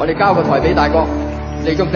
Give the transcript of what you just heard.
我哋交個台俾大哥，你中唔